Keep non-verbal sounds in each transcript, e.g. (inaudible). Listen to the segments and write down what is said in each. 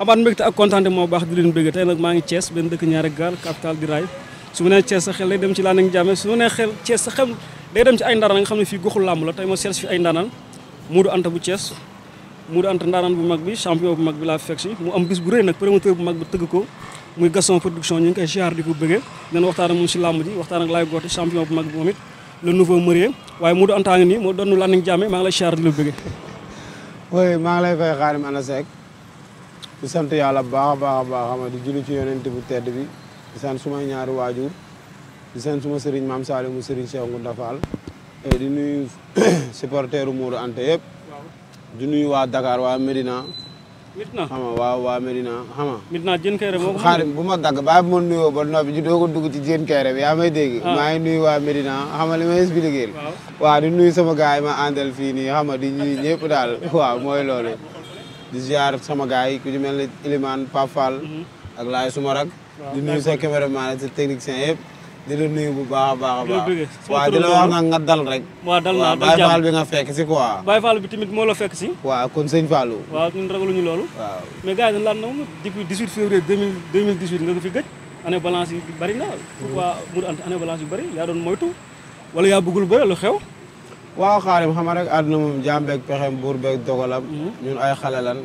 amaat mbégte ak kontaante moo baax di leen bëgg tey nag maa ngi Thiès benn dëkk ñaari gaal capital di raay su ma nee Thiès sa xel day dem ci Lande Ndiame su ma nee xel Thiès sa xel day dem ci ay ndaanaan nga xam ne fii goxul làmb la tey ma seet si fi ay ndaanaan Modou bu Thiès Modou Anta ndaanaan bu mag bi champion bu mag bi laa fekk si mu am bis bu rëy nag promoteur bu tëgg ko muy Gaston production ñu ngi koy ziar di ko bëggee dinañ waxtaan ak moom si làmb waxtaan ak Laay Goote champion bu mag bi moom moo doon Lande Ndiame maa ngi lay ziar la bëggee. oui maa ngi di sant yàlla bu baax a baax a baax xama di julli ci yonent bu tedd bi di sant sumay ñaari waajur di sant suma sëriñ maam Saliou mu sëriñ Cheikh Ngounda Fall eh, di nuyu (coughs) supporteru Modou Anta yëpp di nuyu waa Dakar waa Médina Médina xam nga waaw waa Médina xam nga. Médina jën kayre bu ma nuyoo ba noppi ji doo ko dugg ci jën bi yaa may dégg. Ah. maa ngi waa Médina xam li ma expliqué. waaw di nuyu sama gars ma àndal fii nii xam di ñuy daal waaw mooy loolu. di ziar sama gars yi ku ci mel ni Ilimane Pape Fall mhm. ak laay suma rak di nuyu sa caméraman sa technicien yëpp di la nuyu bu baax a baax a baax waaw di la wax nga nga dal rek waaw dal naa Baye Fall bi nga fekk si quoi Baye Fall bi tamit moo la fekk si waaw kon sëñ Fallou waaw ñun ragaluñu loolu waaw mais gars na depuis 18 février 2018 nga ko fi gëj année balance yi bëri na yu bëri yaa doon moytu wala yaa bëggul bëri lu xew waaw xaarim xam rek àdduna moom jaam beeg pexem buur beeg dogalam hmm. ñun ay xale lan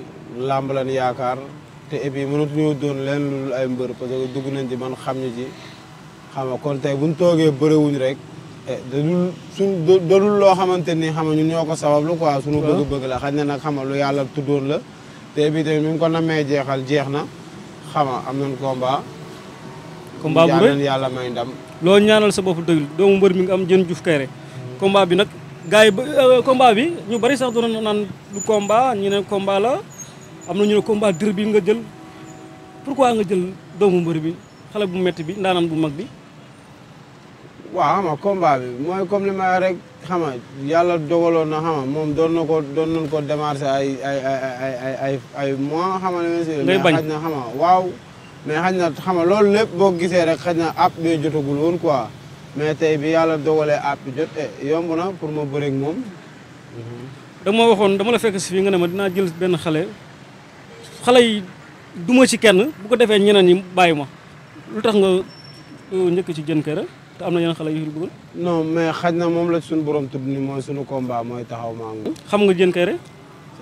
làmb lan yaakaar te et puis mënatuñoo doon leen lulul ay mbër parce que dugg nañ ci man xam ñu ci xam nga kon tey buñ toogee bëriwuñ rek eh, dadul suñ dadul loo xamante ni xam ñoo ko sabablu quoi suñu bëgg-bëgg la xañ na nag xam lu yàlla tuddoon la te et puis tamit mi ngi ko namee jeexal jeex na xam nga am nañ combat combat bu yàlla may ndam loolu ñaanal sa bopp dëgg doomu mbër mi nga am jën Diouf Kayre hmm. combat bi nag gars yi euh, combat bi ñu bari sax doon naan du combat ñu ne combat la am na ñu ne combat dër bi nga jël pour pourquoi nga jël doomu mbër bi xale bu metti bi ndaanaan bu mag bi. waaw xam nga bi mooy comme li ma rek xam yàlla dogaloon na xam moom doon na ko doon nañ ko démarché ay ay ay ay ay mois xam nga. ngay bañ mais xaj waaw. mais xaj na xam nga loolu lépp boo gisee rek xaj na app bee jotagul woon quoi. mais tey bi yàlla dogalee app jot eh, yomb na pour ma bëreeg moom. da waxoon dama la fekk si fii nga ne ma dinaa jël benn xale xale yi duma ci kenn bu ko defee ñeneen ñi bàyyi ma lu tax nga euh, njëkk ci jën Diène Kairé te am na yeneen xale yu fi bëgg. non mais xaj na moom la suñu borom tudd ni mooy suñu kom baa mooy taxaw ma ngi. xam nga Diène Kairé.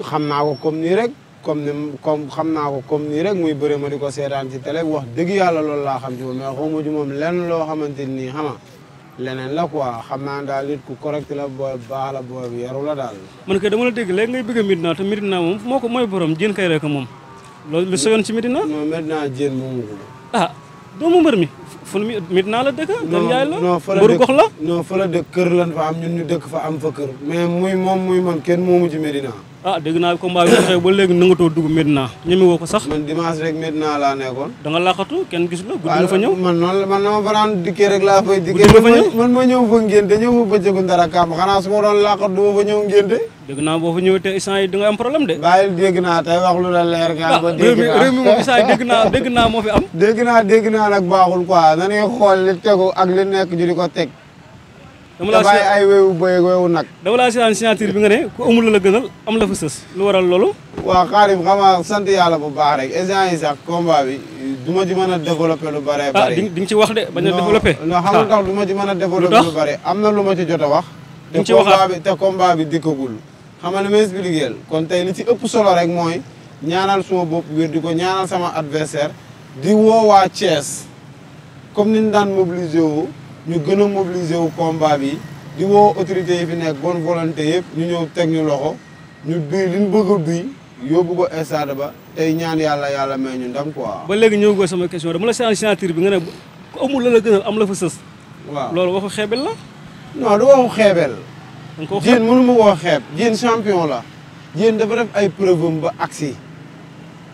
xam naa ko comme nii rek comme ni comme xam naa ko comme nii rek muy bëre ma di ko seetaan ci télé wax dëgg yàlla loolu laa xam ci moom mais xawma loo xamante nii xama leneen la quoi xam naa daal nit ku correct la booy baax la booy bu yaru la daal. man kay dama la dégg léegi ngay bëgg a Medina te Medina moom moo ko mooy borom Diène Kairé ko moom loolu lu soyoon ci Medina. non Medina Diène moomu ko. ah doomu mbër mi fu mu Medina la dëkk. non yaay la mbëru gox la. non fa la dëkk kër lan fa am ñun ñu dëkk fa am fa kër. mais muy moom muy man kenn moomu ci Medina. ah dégg naa combat bi xew ba léegi nangatoo dugg Medina ñeme woo ko sax. man dimanche rek Medina laa nekkoon. da nga laaxatu kenn gis la guddi nga fa ñëw. Ah, man la man dama fanaan dikkee rek laa fay. dikkee man ma ñëw fa ngénte ñëw fa bëccëgu ndara kàmm xanaa su ma doon laaxatu du fa ñëw ngénte. dégg naa boo fa ñëwee te instant yi di am problème de. bàyyil dégg naa tey wax lu la leer nga ah, ba dégg naa réew mi moom instant yi dégg moo fi am. (laughs) dégg naa nag baaxul quoi na ngeen xool li tegu ak li nekk ju di ko teg dama laa bàyyi ay wewu bëy wewu nag dama laa seetaan signature bi nga ne ku amul la gënal am la fa sës lu waral loolu waaw xaarim xamaa sant yàlla bu baax rek agent yi sax combat bi du ma ci mën a développé lu bare ah, bare di nga ci wax de bañ a développé non xam nga ah. tax du ma ci mën a développé lu bare am na lu ma ci jot a wax te combat wax te combat bi dikkagul xam nga li ma expliqué kon tey li ci ëpp solo rek mooy ñaanal suma bopp wér di ko ñaanal sama adversaire di woowaa Thiès comme ni ñu daan mobiliser woo ñu gën a mobiliser wu combat bi di woo autorités yi fi nekk bonne volonté yëpp ñu ñëw teg ñu loxo ñu duy li ñu bëgg a duy yóbbu ko stade ba tey ñaan yàlla yàlla may ñu ndam quoi. ba léegi ñëw ko sama question dama la changé signature bi nga ne ku amul la la gënal am la fa sës. waaw loolu waxu xeebel la. non du waxu xeebel. dañ koo xeeb jéen mënu ma koo xeeb jéen champion la. jéen dafa def ay preuve ba agsi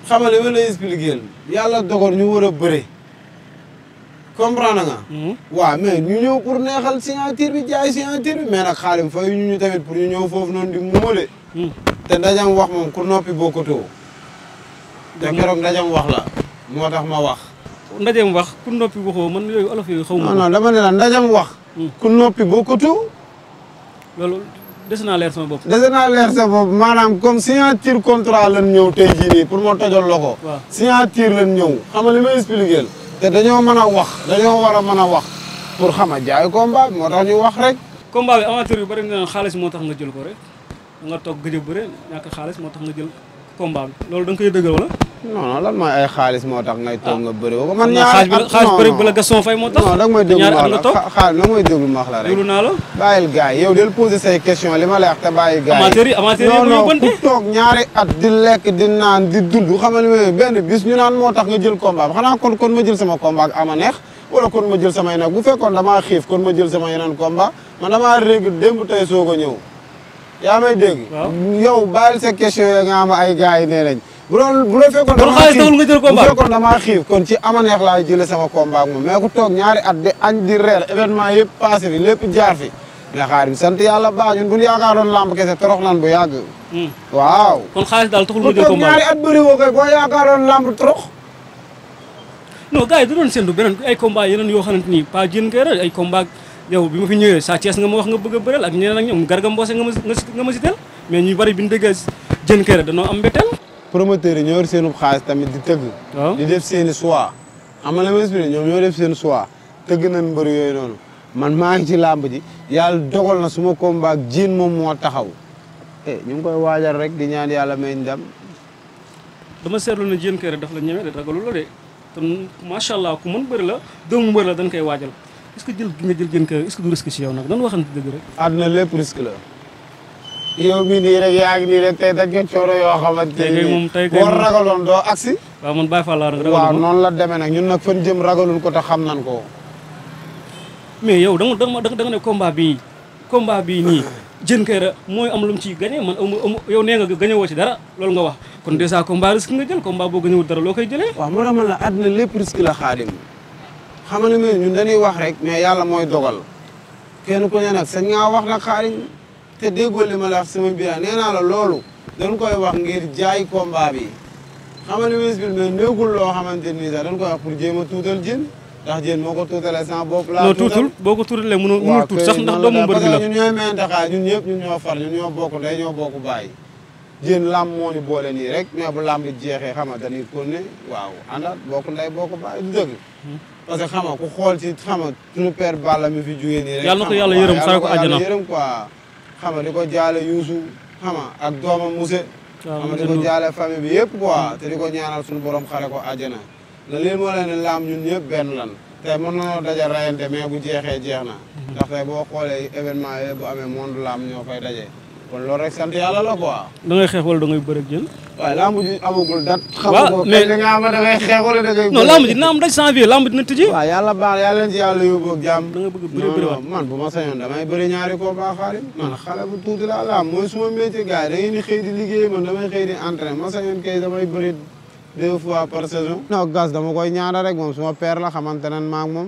xamale wala expliqué yàlla dogal ñu war a bëre. comprendre nga. Hmm. waaw mais ñu ñëw pour neexal signature bi jaay signature bi mais nag xaalim fay ñu ñu tamit pour ñu ñëw foofu noonu di muumale. Hmm. te ndajam wax moom ku noppi bokkutoo. te hmm. keroog ndajam wax la moo tax ma wax. ndajam wax ku noppi waxoo man yooyu olof yooyu xaw ma. non non dama ne la wax. ku noppi bokkutoo. loolu des naa leer sama bopp. des naa leer sa bopp maanaam comme signature contrat lan ñëw tey jii nii pour ma tojal la ko. waaw lan ñëw xam nga li may te dañoo mën a wax dañoo war a mën a wax pour xama jaay combat bi moo tax ñu wax rek. combat bi amateur yu bëri na xaalis moo tax nga jël ko rek nga toog gëj a bëre ñàkk xaalis moo tax nga jël combat bi loolu danga nga koy dëggal non non lan mooy ay xaalis moo tax ngay toog nga ah. bëri ko man ñaar xaalis bëri bu la Gaston Fay moo tax non da nga may déglu ma wax la xaalis na mooy déglu ma del posé say question li ma lay wax te bàyyi ku toog ñaari at di lekk di naan di dund xamal ma benn bis ñu naan moo tax nga jël combat bi xanaa kon kon ma jël sama combat ak ama neex wala kon ma jël samay nag bu fekkoon damaa xiif kon ma jël sama yeneen combat man damaa régl démb tey soog a ñëw yaa may dégg yow bàyyil sa question yi nga am ay gars yi nee bu doon bu doon fekkoon damaa xiif kon ci ama neex laa jëlee sama combat ak moom mais ku toog ñaari at di añ di reer événement yëpp passé fi lépp jaar fi mais xaarim sant yàlla baax ñun bu ñu yaakaaroon lamb kese torox nan bu yàgg. Hmm. waaw. kon xaalis daal taxul nga jël combat ñaari at bëri woo koy da doon séntu beneen ay combat yeneen yoo xamante ni pas jën ngay rëdd ay combat yow bi ma fi ñëwee Sa Thiès nga ma wax nga bëgg a bëreel ak ñeneen ak ñoom Garga Mbossé nga ma nga ma si teel mais ñu bari bi ñu déggee jën kër dañoo am mbetteel promoteurs yi ñoo yor seenu xaalis tamit di tëgg. di def seen i choix. xam nga ñoom ñoo def seen choix tëgg nañ mbër yooyu noonu man maa ngi ci làmb ji yàlla dogal na suma combat ak jiin moom moo taxaw. eh ñu ngi koy waajal rek di ñaan yàlla may ndam. dama seetlu ne jéen kër daf la ñeme de ragalu la de te macha allah ku mën bëri la doomu mbër dañ koy waajal est ce que jël gi nga jël jéen kër est ce que du risque ci yow nag dañ waxante dëgg rek. àdduna lépp risque la. yow mii nii rek yaa ngi nii rek tey daj nga coono yoo xamante ni moom tey kay war ragaloon doo agsi waaw man Baye Fall laa rek waaw noonu la demee nag ñun nag fan jëm ragalul ko te xam nan ko mais yow da nga da nga ne combat bii combat bii nii Diène Kaïré mooy am lu mu ciy gagné man amu yow nee nga gagné woo ci dara loolu nga wax kon dèjà combat risque nga jël combat boo gagné wul dara loo koy jëlee waaw moo tax man la àddina lépp risque la xaadim xam nga ne ñun dañuy wax rek mais yàlla mooy dogal kenn ku ne nag sañ ngaa wax nag xaadim te déggoo li ma la wax sama biira nee naa la loolu dañ koy wax ngir jaay combat bi xam nga li ma expliqué néegul loo xamante ni sax dañ koy wax pour jéem a tuutal jën ndax jën moo ko tuutalee sans bopp laa non tuutul boo ko tuutalee mënul mënul tuut sax ndax doomu mbër bi la ñun ñooy mentaxaa ñun ñëpp ñun ñoo far ñun ñoo bokk day ñoo bokk bàyyi jën làmb moo ñu boole nii rek mais bu làmb jeexee xam nga dañuy kon ne waaw àndaat bokk nday bokk bàyyi du dëgg hmm. parce que xam nga ku xool ci xam nga suñu père Balla mi fi jógee nii rek yàlla na ko yàlla yërëm saa ko àjjana yërëm quoi xam nga di ko jaale Youssou xam ak doomam Mousse. xam nga di ko jaale famille bi yëpp quoi te di ko ñaanal suñu borom xare ko àjjana. la lii moo leen ne laam ñun ñëpp benn lan tey mën nañoo daje rayante mais bu jeexee jeex na. Mm-hmm. ndax tey boo xoolee événement yooyu bu amee monde laam ñoo koy daje. kon loolu rek sant yàlla la da ngay xeex wala da ngay bëre ak jël. waaw lamb ji amagul dat. waaw mais da ngaa da da ngay. non lamb ji dina am daj janvier lamb dina tijji. waaw yàlla baax yàlla leen ci yàlla yóbbu ak man bu bu tuuti laa lamb suma métier gars yi da ngeen di xëy di liggéey man damay xëy di entraîné ma sañoon kay damay bëri fois par saison. non gas dama koy ñaanal rek moom suma père la xamante nan maa ak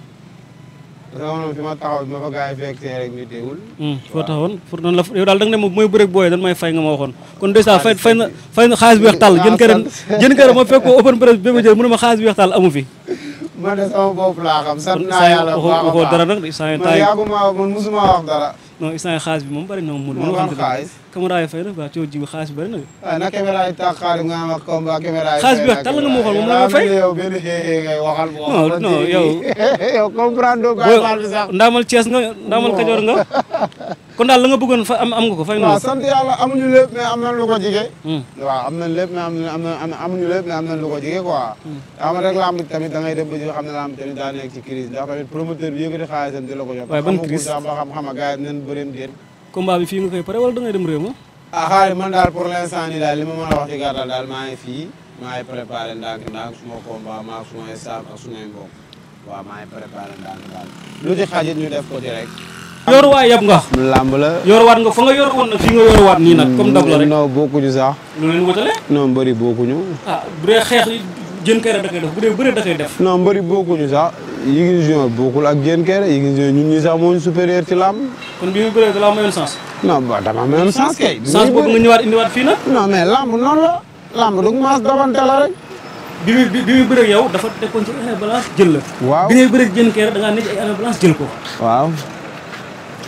parce que moom fi ma taxaw bi ma fa gars yi fekk see rek ñu teewul. Hmm, foo taxawoon pour noonu la yow daal da nga ne mooy bëreeg booyee dañ may fay nga ma waxoon. kon déjà fay fay na fay na xaalis bi weex tàll jën kër jën kër ma fekk ko open press bi ma jël mu ne ma xaalis bi weex tàll amu fi. (laughs) man de sama bopp laa xam sant naa yàlla bu baax a baax man yàgguma man mosuma wax dara. non instant xaalis bi moom bëri na mu. mu waxoon xaalis caméra yi fay na waaw coono jiw xaalis bi bëri na. waaw ah, na caméra yi tax xaalis nga xam ak combat caméra yi. xaalis bi la nga ma waxoon moom la ma fay. yow benn ngay waxal. non non yow. (laughs) yow comprendre doo ko waxal sax. ndaamal Thiès nga ndaamal Kajoor nga. (laughs) kon daal la nga am nga ko fay. waaw sant am nañ lu hmm. am nañ lépp mais am am nañ lu hmm. tamit da ngay dem ba ji xam ne lamb tamit daa nekk ci crise ndax tamit promoteur bi combat bi fii nga koy pare wala da ngay dem réew ma ah xaaral man daal pour l'instant nii daal li ma mën a wax ci gàttal daal maa ngi fii maa ngi préparé ndànk ndànk suma combat maa suma staff ak sumay mbokk waaw maa ngi préparé ndànk daal lu ci xajit ñu def ko ci rek yor waay yab nga làmb la yor waat nga fa nga yor woon nag fii nga yor waat nii nag comme dab la rek non bokkuñu sax lu leen wutale non bëri ah bu xeex jën kayre da koy def bu dee bëre da koy def. non mbëri bokkuñu sax Yékini Junior bokkul ak jën kayre Yékini Junior ñun ñi sax moo ñu supérieur ci làmb. kon bi mu bëree da la mayoon sens. non ba dama mayoon sens kay. bi muy bi muy yow dafa tekkoon ci année balance jël la. waaw bi ngay bëreeg jën kayre da ngaa ay année balance jël ko. waaw.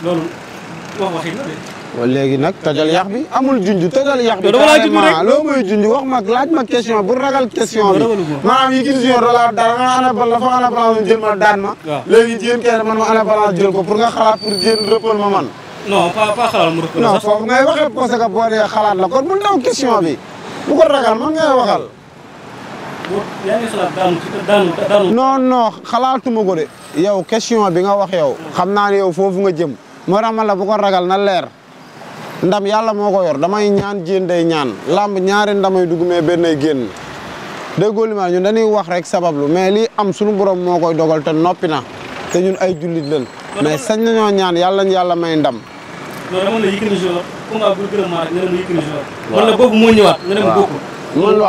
loolu wax waxi la léegi nag tëjal yàq bi amul junj tëjal yàq bi. carrément loo mooy junj wax ma laaj ma question bu ragal question bi. maanaam yi gis yoon dala ana bal la ana balance jël ma daan ma. waaw léegi jéem man ma ana balance jël ko pour nga xalaat pour jéem rëppal ma man. non pas pas xalaat mu rëppal non la bi bu ko ragal man ngay waxal. yaa ngi xalaat daanu daanu xalaatuma ko de. yow question bi nga wax yow. xam naa ne yow foofu nga jëm. moo tax man ko ragal na leer. ndam yàlla moo ko yor damay ñaan jéen day ñaan làmb ñaari ndamay dugg mais bennay génn déggoo li ma ñun dañuy wax rek sabablu mais lii am suñu borom moo koy dogal te noppi na te ñun ay jullit lañ mais sañ nañoo ñaan yàlla yàlla may ndam. non dama la Yékini Junior combat bu gën a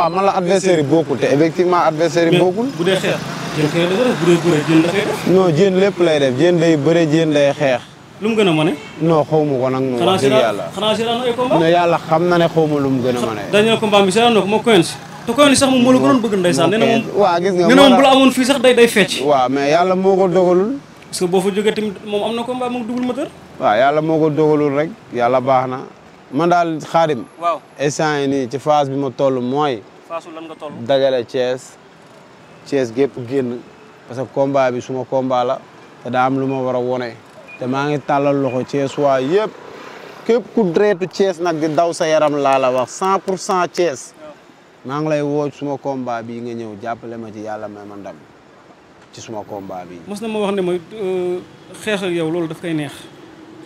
maar adversaire yi te effectivement adversaire yi bokkul. bu dee xeex lépp lay def jën day bëre jën day xeex. lu mu gën a mën no xaw ma ko nag moom yàlla xam na ne xaw ma lu mu gën a mën dañu combat bi seetaan na ko moo Quench te Quench sax bëgg ndeysaan nee na moom waaw gis nga nee sax day day fecc waaw mais yàlla moo ko dogalul parce que boo fa moom am na combat moom double moteur waaw moo ko dogalul rek yàlla baax na man daal xaadim waaw yi nii ci phase bi ma toll mooy phase lan nga toll dajale Thiès Thiès gépp génn parce que kombaa bi suma combat la te daa am lu ma war a wone te maa ngi tàllal loxo Thiès waa yëpp képp ku dreetu Thiès nag di daw sa yaram laa la wax cent pour cent Thiès maa ngi lay woo suma koom combat bii nga ñëw jàppale ma ci yàlla may ma ndam ci suma combat bi mos na ma wax ne ma euh, xeex ak yow loolu daf kay neex.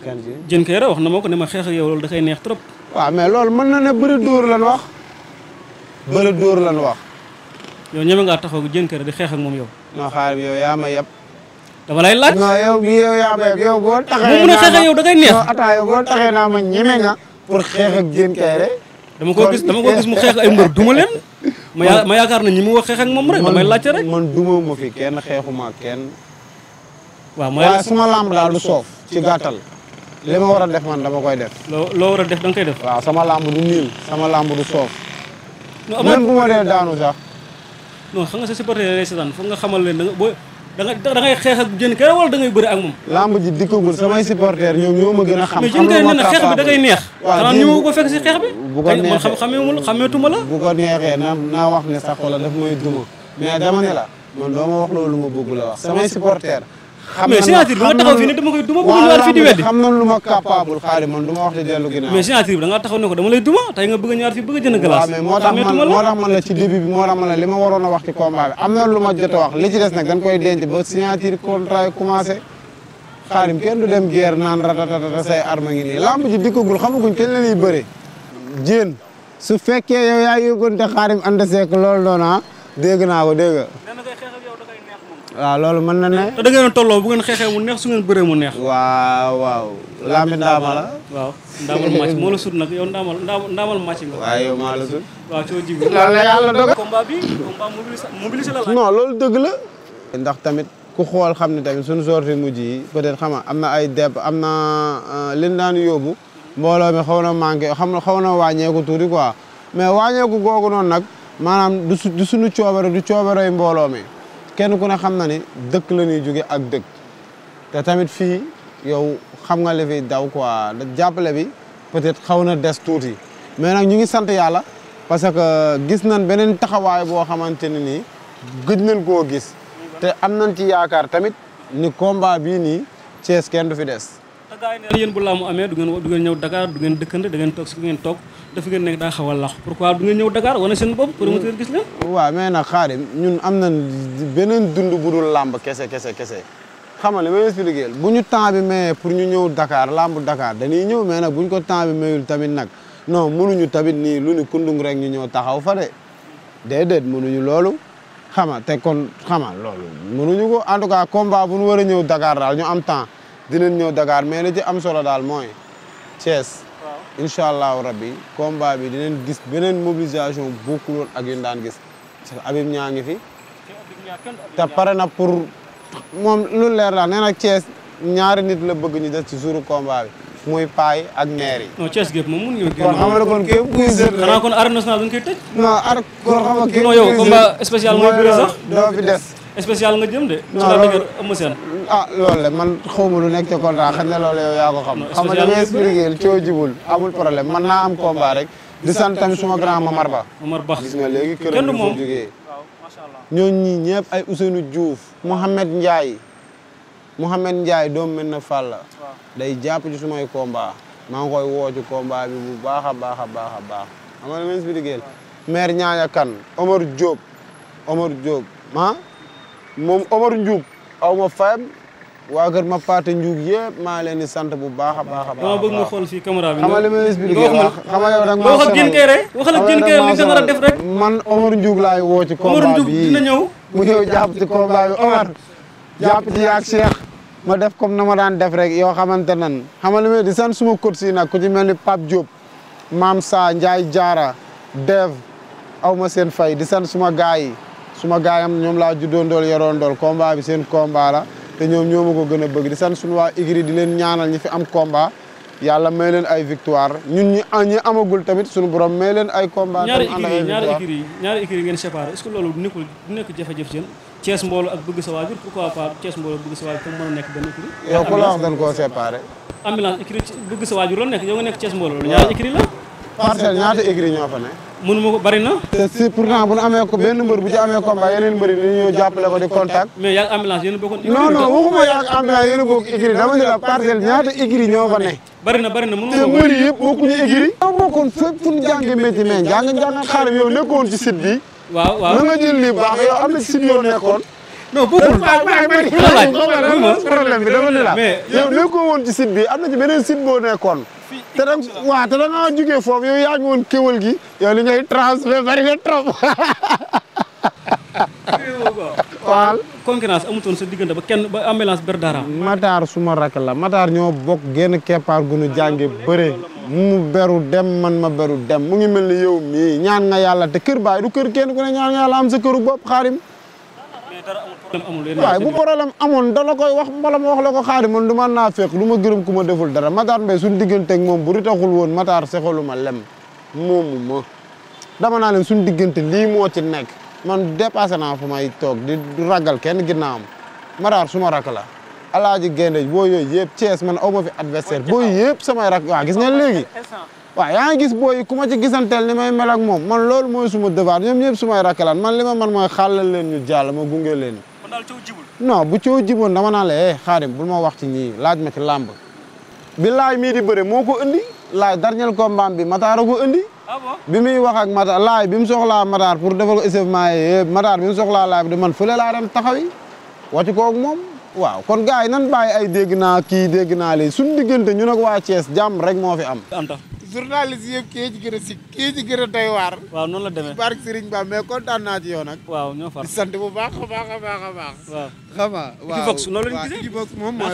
kan ci jën wax na ma ko ne ma xeex ak yow loolu dafay neex trop. waaw mais loolu mën na ne bëri dóor lan wax. bëri dóor lan wax. yow ñeme ngaa taxaw jën kay di xeex ak moom yow. non xaaral yow yaa ma dama lay laaj. non yow bii mun a xeexee yow da neex. non attends yow boo taxee naa ma ñeme nga. pour xeex ak Diène Kairé. dama ko gis ko mu xeex ay mbër duma leen. ma yaakaar na ñi mu wax xeex ak moom rek damay laajte fi kenn xeexuma kenn. waaw mooy waaye suma lamb daal du gàttal li war a def man koy def. loo war a def da koy def. waaw sama lamb sama lamb du soof. même bu ma dee daanu sax. non xam nga sa supporter lay seetaan foog nga xamal leen da nga da ngay xeex ak jën kay wala da ngay bëri ak moom lamb ji dikkagul samay supporter ñoom ñoo ma gën a xam mais jën kay nee na xeex bi da neex xanaa ñu ma ko fekk si xeex bi bu neexee la bu naa wax ne sax wala may duma mais dama ne la man doo ma wax loolu ma bëgg la wax samay supporter xam mais signature bi nga taxaw fii ne dama duma bëgg ñëwaat fii di weddi xam nañ ma wax di dellu ginnaaw mais bi da taxaw ne ko dama lay duma tey nga bëgg a ñëwaat fii bëgg a jënd moo tax man la ci début bi moo tax man la li ma waroon a wax ci combat bi am na lu ma jot nag dañ koy denc ba signature contrat yi commencé xaalim kenn du dem guerre naan ratatata say arme ngi nii lamb ji dikkagul xamaguñ kenn lañuy bëre jéen su fekkee yow yaa yógoonte xaarim ànd seek loolu doona ah, dégg naa ko waaw loolu mën na ne. te tolloo bu ngeen xeexee mu neex su ngeen bëree mu neex. waaw waaw. lambi ndaama la. waaw ndaamal match moo la sut nag yow ndaamal ndaamal loolu dëgg la. ndax tamit ku xool xam ne tamit suñu sorti mujj peut-être xam nga am na ay deb am na euh, liñ daan yóbbu. mbooloo mi xaw na manqué xam na xaw na wàññeeku tuuti quoi mais wàññeeku googu noonu nag maanaam du suñu coobare du coobare mbooloo mi kenn ku ne xam na ni dëkk la ñuy jóge ak dëkk te tamit fii yow xam nga li fi daw quoi da jàppale bi peut-être xaw na des tuuti mais nag ñu ngi sant yàlla parce que gis nañ beneen taxawaay boo xamante ne nii gëj nañ koo gis te am nañ ci yaakaar tamit ni combat bii nii Thiès kenn du fi des. yéen bu laamu amee du ngeen du ngeen ñëw Dakar du ngeen dëkkante da ngeen toog. dafa ngeen nekk daa xaw a lax pourquoi du ngeen ñëw Dakar wane seen bopp promoteur gis la waaw mais nag xaarim ñun am na beneen dund bu dul làmb kese kese kese xam nga li may expliqué bu ñu temps bi mayee pour ñu ñëw dakaar làmb dakaar dañuy ñëw mais nag bu ñu ko temps bi mayul tamit nag non munuñu tamit nii lu ni kundung rek ñu ñëw taxaw fa de déedéet mënuñu loolu xama te kon xama loolu munuñu ko en tout cas combat bu ñu war ñëw dakaar daal ñu am temps dinañ ñëw Dakar mais li ci am solo daal mooy Thiès incha allahu rabbi combat bi dinañ gis beneen mobilisation bokkul woon ak yu daan gis parce que Habib ñaa ngi fi te pare na pour moom lu leer la nee na Thiès ñaari nit la bëgg ñu des ci jouru combat bi muy paay ak maire yi. non Thiès gépp moom mun nga. kon xam nga kon képp kon arène nationale duñ koy tëj. non ar kon xam nga képp kuy seet non espécial nga jëm de. non loolu ah, man xawma lu nekk ci contrat xam ne loolu yow xam. xam nga da ngay expliquer coo jibul amul problème man naa am combat rek. di sant tamit suma grand Mamar Ba. Mamar Ba gis nga léegi këram la ay Ousseynou Diouf Mouhamed Ndiaye Mouhamed Ndiaye doom mel na Falla. day jàpp ci sumay combat. maa ngi koy woo ci bi bu baax a baax a baax a baax xam nga da ngay expliquer Kan Omar Diop Omar Diop ah. moom Omar Ndioub aw ma fayam waa kër ma paate Ndioub yëpp maa leen di sant bu baax a baax a baax. dama bëgg nga xool si caméra bi. xamal li may expliqué wax xamal yow nag maa wax ak Diène Kairé waxal ak Diène Kairé li nga war a def rek. man Omar Ndioub laay woo ci combat bi dina ñëw. mu ñëw jàpp ci combat bi Omar jàpp ci yaag Cheikh. ma def comme na ma daan def rek yoo xamante nan xamal li may di sant suma coach yi nag ku ci mel ni Pape Diop Maam Sa Ndiaye Diarra Dev aw ma seen fay di sant suma gars yi suma gaayam ñoom laa juddoo ndool yaroo ndool combat bi seen combat la te ñoom ñoo ma ko gën a bëgg di sant suñu waa igri di leen ñaanal ñi fi am combat yàlla may leen ay victoire ñun ñi ah, ñi tamit suñu borom may leen ay combat ñaari igri ñaari igri ñaari igri ngeen séparé est-ce que loolu nekkul du nekk jafe-jafe seen Thiès mbooloo ak bëgg sa waajur pourquoi a la wax ñaata igri ñoo fa ne mënuma ko bari na. te si pourtant bu ñu amee ko benn mbër bu ci amee combat yeneen mbër yi dañuy jàppale ko di contact. mais yaa ambulance yéen a bokkoon. non non waxuma ambulance yéen a bokk écurie dama ne la parcelle ñaata écurie ñoo fa ne. bari na bari na mënuma ko te mbër yëpp bokkuñu écurie. dama bokkoon fépp fu ñu jàngee métier mais jàng jàng xaaral yow nekkoon ci site bi. waaw waaw na nga bi dama ne woon ci site am na ci beneen site boo nekkoon te da waaw te nga jógee foofu yaa ngi woon kéwal gi yow li ngay transfert bari nga trop. waaw concurrence diggante ba kenn ba ambulance ber dara. Matar suma rakk la Matar ñoo bokk génn keppaar gu nu bëre mu beru dem man ma beru dem mu ngi mel ni yow ñaan nga yàlla te kër baay du kër kenn ku ne ñaan nga yàlla am sa këru bopp xaarim waaw bu problème amun da la koy wax mbala ma wax la ko xaari man du ma naa fekk lu ma gërëm ku ma deful dara Matar Mbaye suñu digganteeg moom bu ritaxul woon Matar sexalu ma lem moomu ma dama naa leen suñu diggante lii moo ci nekk man dépassé naa fu may toog di ragal kenn ginnaawam Matar suma rak la alaaji Gendé boo yooyu yëpp Thiès man aw ma fi adversaire boo yëpp samay rak waaw gis ngeen léegi waaw yaa ngi gis booy ku ma ci gisanteel ni may mel ak moom man lool mooy suma devoir ñoom ñëpp sumay rakkalaan man li ma man mooy xàllal leen ñu jàll ma gunge leen non bu coow jiboon dama naa la eh xaadim bul ma wax ci ñii laaj ma ci làmb bi laaj mii di bëre moo ko indi laaj dernier combat bi Mataara ko indi ah bi muy wax ak Mataar laaj bi mu soxlaa Mataar pour defal ko échauffement yëpp Mataar bi mu soxlaa laa bi man fële laa dem taxawi wàcc koog moom waaw kon gars yi nan bàyyi ay dégg naa kii dégg naa lee suñu diggante ñun waa Thiès jàmm rek moo fi am. Anta. journaliste yëpp kii ci gën a si kii ci gën a waar. waaw noonu la demee barke Serigne Ba mais kontaan naa ci nag. waaw ñoo far di sant bu baax a baax a baax waaw xam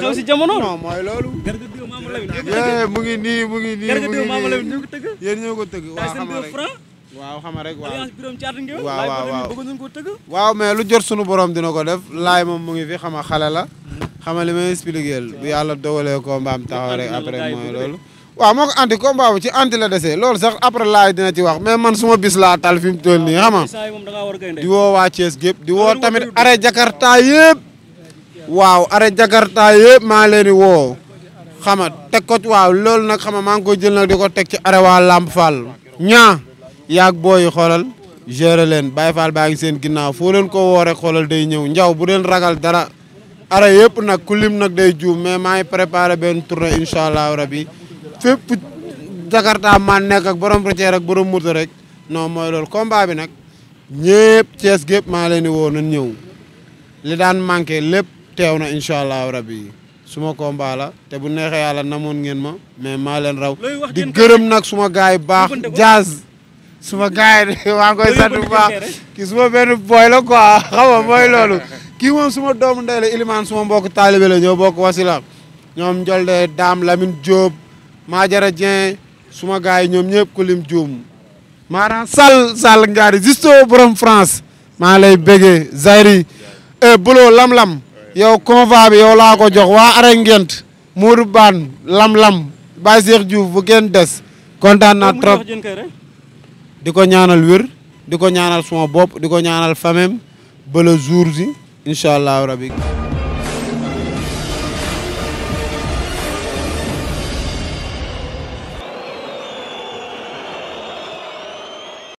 nga si jamono non mooy loolu. Garga 2 mu ngi nii mu ngi nii mu ngi nii Garga 2 Mama Lamine ñoo ko tëgg. waaw xam nga rek waaw alliance ko tëgg waaw mais lu jot sunu borom dina ko def laay moom mu ngi fi xam nga xale la xam nga li may expliquer bu yàlla dogalee combat am taxaw après mooy loolu waaw moo ko anti combat bu ci anti la desee loolu sax après laay dina ci wax mais man suma bis laa tal fi mu ni nii xam nga di woo waa Thiès di woo tamit arrêt Jakarta yëpp waaw arrêt Jakarta yëpp maa leen di woo xam nga waaw loolu nag xam nga maa ngi koy jël nag di ko teg ci arrêt Lamp Fall ñaa yaag booyi xoolal gérer leen Baye Fall baa ngi seen ginnaaw foo leen ko woor rek xoolal day ñëw njaw bu leen ragal dara ara yëpp nag ku lim nag day juum mais maa ngi préparé benn tournée incha allah rabi fépp jakarta maa nekk ak borom routier ak borom moto rek non mooy loolu bi nag ñëpp Thiès gépp maa leen di woo nañ ñëw li daan manqué lépp teew na incha allah rabi suma combat te bu neexe yàlla namoon ngeen ma mais maa leen raw di gërëm nag suma gaay baax jaaz suma gars yi maa ngi koy sant bu suma benn boy la quoi moom suma doomu ndey la Ilimane suma mbokk taalibe la ñoo bokk wasila ñoom Njolde Dame Lamine suma gars yi ñoom ñëpp ku lim juum maanaam Sall Sall justo borom France maa lay béggee Zayri eh, bulo lam-lam yow convoi yow laa ko jox waa are ngent Mourou Bane lam-lam Baye Cheikh Diouf bu kenn des kontaan naa trop di ko ñaanal wér di ko ñaanal suma bopp di ko ñaanal famem ba le jour ji incha allahu